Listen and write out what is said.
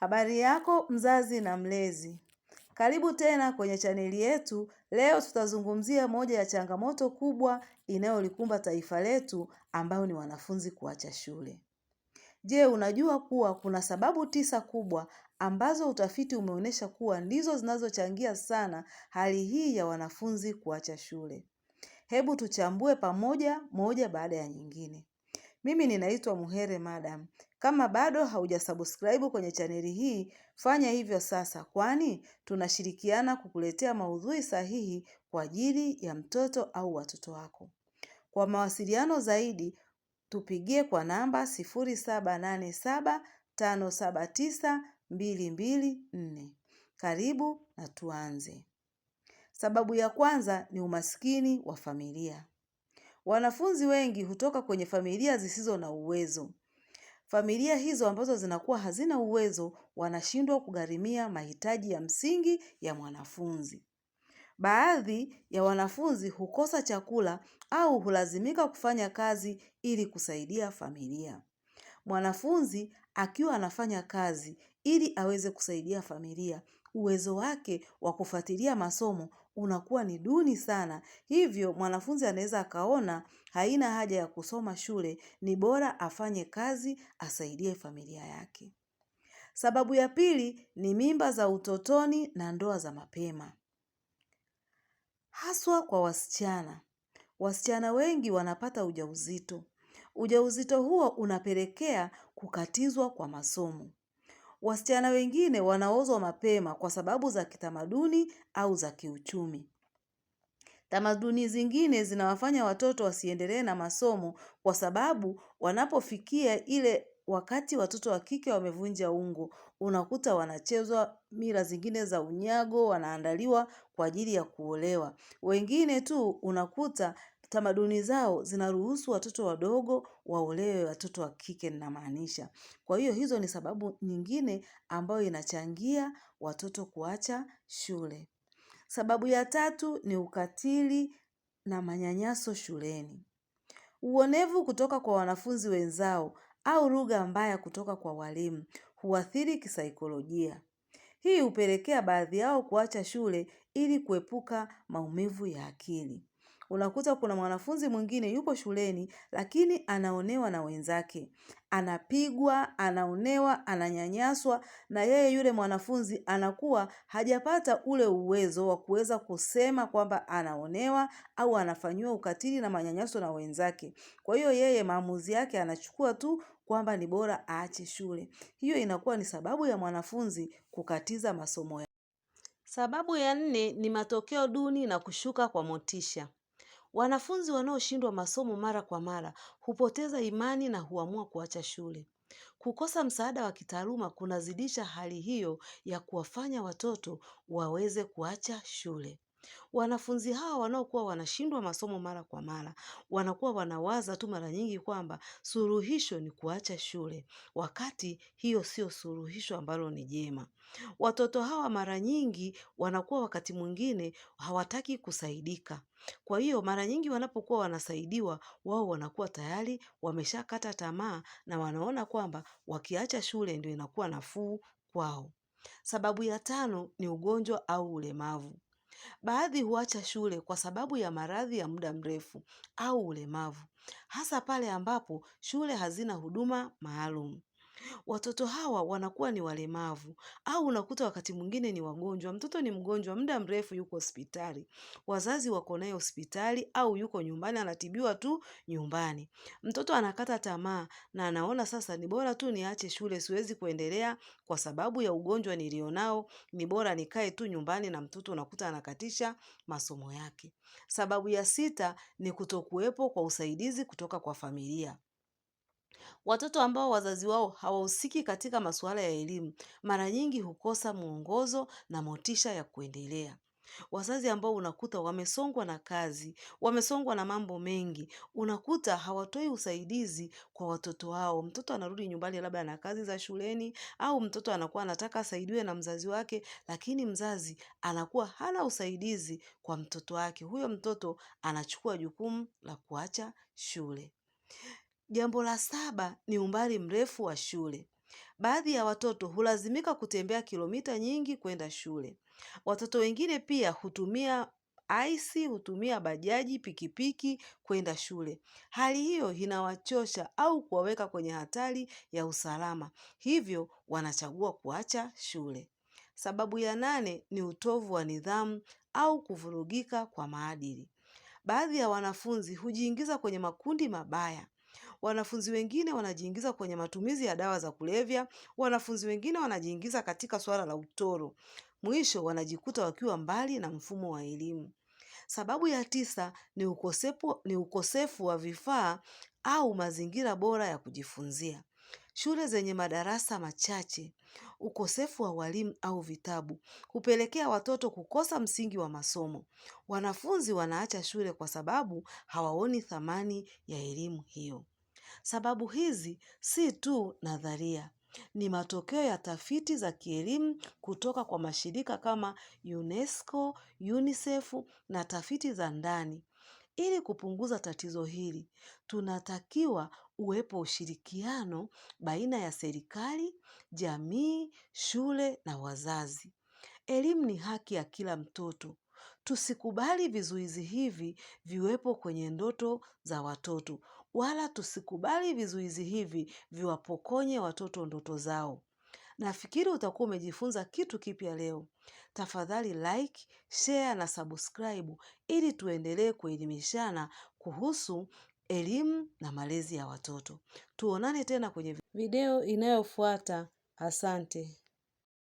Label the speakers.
Speaker 1: Habari yako mzazi na mlezi, karibu tena kwenye chaneli yetu. Leo tutazungumzia moja ya changamoto kubwa inayolikumba taifa letu, ambayo ni wanafunzi kuacha shule. Je, unajua kuwa kuna sababu tisa kubwa ambazo utafiti umeonyesha kuwa ndizo zinazochangia sana hali hii ya wanafunzi kuacha shule? Hebu tuchambue pamoja, moja baada ya nyingine. Mimi ninaitwa Muhere Madam. Kama bado haujasubscribe kwenye chaneli hii, fanya hivyo sasa, kwani tunashirikiana kukuletea maudhui sahihi kwa ajili ya mtoto au watoto wako. Kwa mawasiliano zaidi, tupigie kwa namba 0787579224. Karibu na tuanze. Sababu ya kwanza ni umaskini wa familia. Wanafunzi wengi hutoka kwenye familia zisizo na uwezo, Familia hizo ambazo zinakuwa hazina uwezo wanashindwa kugharimia mahitaji ya msingi ya mwanafunzi. Baadhi ya wanafunzi hukosa chakula au hulazimika kufanya kazi ili kusaidia familia. Mwanafunzi akiwa anafanya kazi ili aweze kusaidia familia, uwezo wake wa kufuatilia masomo unakuwa ni duni sana. Hivyo mwanafunzi anaweza akaona haina haja ya kusoma shule ni bora afanye kazi asaidie familia yake. Sababu ya pili ni mimba za utotoni na ndoa za mapema. Haswa kwa wasichana. Wasichana wengi wanapata ujauzito. Ujauzito huo unapelekea kukatizwa kwa masomo. Wasichana wengine wanaozwa mapema kwa sababu za kitamaduni au za kiuchumi. Tamaduni zingine zinawafanya watoto wasiendelee na masomo kwa sababu wanapofikia ile wakati watoto wa kike wamevunja ungo, unakuta wanachezwa mila zingine za unyago, wanaandaliwa kwa ajili ya kuolewa. Wengine tu unakuta tamaduni zao zinaruhusu watoto wadogo waolewe, watoto wa kike ninamaanisha. Kwa hiyo hizo ni sababu nyingine ambayo inachangia watoto kuacha shule. Sababu ya tatu ni ukatili na manyanyaso shuleni. Uonevu kutoka kwa wanafunzi wenzao au lugha mbaya kutoka kwa walimu huathiri kisaikolojia. Hii hupelekea baadhi yao kuacha shule ili kuepuka maumivu ya akili unakuta kuna mwanafunzi mwingine yupo shuleni lakini anaonewa na wenzake, anapigwa, anaonewa, ananyanyaswa, na yeye yule mwanafunzi anakuwa hajapata ule uwezo wa kuweza kusema kwamba anaonewa au anafanyiwa ukatili na manyanyaso na wenzake. Kwa hiyo yeye maamuzi yake anachukua tu kwamba ni bora aache shule. Hiyo inakuwa ni sababu ya mwanafunzi kukatiza masomo yake. Sababu ya nne ni matokeo duni na kushuka kwa motisha. Wanafunzi wanaoshindwa masomo mara kwa mara hupoteza imani na huamua kuacha shule. Kukosa msaada wa kitaaluma kunazidisha hali hiyo ya kuwafanya watoto waweze kuacha shule. Wanafunzi hawa wanaokuwa wanashindwa masomo mara kwa mara wanakuwa wanawaza tu mara nyingi kwamba suluhisho ni kuacha shule, wakati hiyo sio suluhisho ambalo ni jema. Watoto hawa mara nyingi wanakuwa wakati mwingine hawataki kusaidika. Kwa hiyo mara nyingi wanapokuwa wanasaidiwa, wao wanakuwa tayari wameshakata tamaa na wanaona kwamba wakiacha shule ndio inakuwa nafuu kwao. Sababu ya tano ni ugonjwa au ulemavu. Baadhi huacha shule kwa sababu ya maradhi ya muda mrefu au ulemavu, hasa pale ambapo shule hazina huduma maalum. Watoto hawa wanakuwa ni walemavu au unakuta wakati mwingine ni wagonjwa. Mtoto ni mgonjwa muda mrefu, yuko hospitali, wazazi wako naye hospitali au yuko nyumbani, anatibiwa tu nyumbani. Mtoto anakata tamaa na anaona sasa ni bora tu niache shule, siwezi kuendelea kwa sababu ya ugonjwa nilionao, ni bora nikae tu nyumbani, na mtoto unakuta anakatisha masomo yake. Sababu ya sita ni kutokuwepo kwa usaidizi kutoka kwa familia. Watoto ambao wazazi wao hawahusiki katika masuala ya elimu mara nyingi hukosa mwongozo na motisha ya kuendelea. Wazazi ambao unakuta wamesongwa na kazi, wamesongwa na mambo mengi, unakuta hawatoi usaidizi kwa watoto wao. Mtoto anarudi nyumbani labda na kazi za shuleni au mtoto anakuwa anataka asaidiwe na mzazi wake, lakini mzazi anakuwa hana usaidizi kwa mtoto wake. Huyo mtoto anachukua jukumu la kuacha shule. Jambo la saba ni umbali mrefu wa shule. Baadhi ya watoto hulazimika kutembea kilomita nyingi kwenda shule. Watoto wengine pia hutumia aisi, hutumia bajaji, pikipiki kwenda shule. Hali hiyo inawachosha au kuwaweka kwenye hatari ya usalama, hivyo wanachagua kuacha shule. Sababu ya nane ni utovu wa nidhamu au kuvurugika kwa maadili. Baadhi ya wanafunzi hujiingiza kwenye makundi mabaya wanafunzi wengine wanajiingiza kwenye matumizi ya dawa za kulevya, wanafunzi wengine wanajiingiza katika swala la utoro. Mwisho wanajikuta wakiwa mbali na mfumo wa elimu. Sababu ya tisa ni ukosefu, ni ukosefu wa vifaa au mazingira bora ya kujifunzia. Shule zenye madarasa machache, ukosefu wa walimu au vitabu hupelekea watoto kukosa msingi wa masomo. Wanafunzi wanaacha shule kwa sababu hawaoni thamani ya elimu hiyo. Sababu hizi si tu nadharia. Ni matokeo ya tafiti za kielimu kutoka kwa mashirika kama UNESCO, UNICEF na tafiti za ndani. Ili kupunguza tatizo hili, tunatakiwa uwepo ushirikiano baina ya serikali, jamii, shule na wazazi. Elimu ni haki ya kila mtoto. Tusikubali vizuizi hivi viwepo kwenye ndoto za watoto wala tusikubali vizuizi hivi viwapokonye watoto ndoto zao. Nafikiri utakuwa umejifunza kitu kipya leo. Tafadhali like, share na subscribe ili tuendelee kuelimishana kuhusu elimu na malezi ya watoto. Tuonane tena kwenye video inayofuata. Asante.